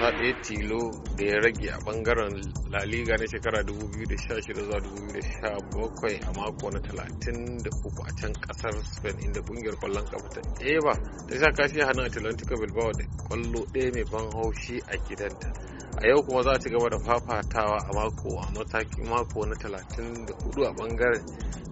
wasa tilo da ya rage a ɓangaren La Liga na shekara 2016 2017 a mako na 33 a can ƙasar Spain inda ƙungiyar ƙwallon ƙafa ta Eva ta sha kashi hannun Atlantico Bilbao da ƙwallo ɗaya mai ban haushi a gidanta. A yau kuma za ta gaba da fafatawa a mako a mataki mako na 34 a bangaren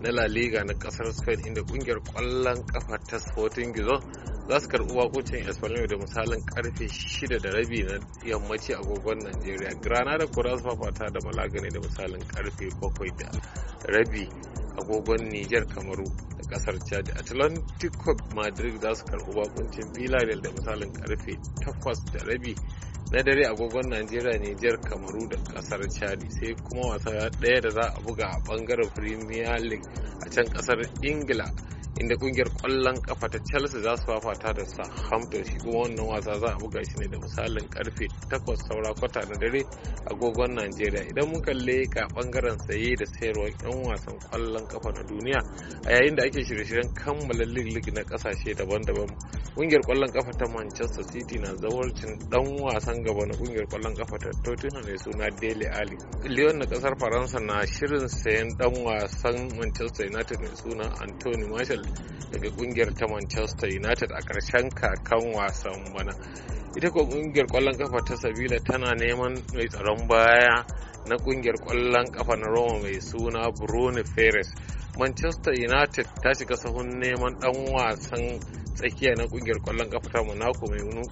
na La Liga na kasar Spain inda kungiyar kwallon kafa ta Sporting Gizon za su karɓi wakocin espanyol da misalin karfe shida da rabi na yammaci agogon nigeria granada ko za su fafata da malaga da misalin karfe bakwai da rabi agogon niger kamaru da kasar chad atlantico madrid za su karɓi wakuncin villarreal da misalin karfe takwas da rabi na dare agogon nigeria niger kamaru da kasar chad sai kuma wasa daya da za a buga a bangaren premier league a can kasar ingila inda kungiyar kwallon kafa ta chelsea za su fafata da southampton shi kuma wannan wasa za a buga shi ne da misalin karfe 8 saura kwata na dare agogon nigeria idan mun kalle ka bangaren saye da sayarwar yan wasan kwallon kafa na duniya a yayin da ake shirye-shiryen kammala lig na kasashe daban-daban kungiyar kwallon kafa ta manchester city na zawarcin dan wasan gaba na kungiyar kwallon kafa ta tottenham mai suna dele ali lyon na kasar faransa na shirin sayan dan wasan manchester united mai suna anthony marshall daga kungiyar ta manchester united a karshen kakan wasan bana ita kuwa kungiyar kwallon kafa ta sabila tana neman mai tsaron baya na kungiyar kwallon kafa na roma mai suna bruno perez manchester united ta shiga sahun neman dan wasan tsakiya na kungiyar kwallon kafa ta monaco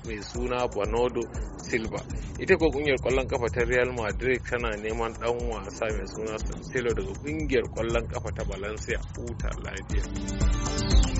mai suna bernardo silva ita ko kungiyar kwallon kafa ta real madrid tana neman dan wasa mai suna cancelo daga kungiyar kwallon kafa ta valencia puta lafiya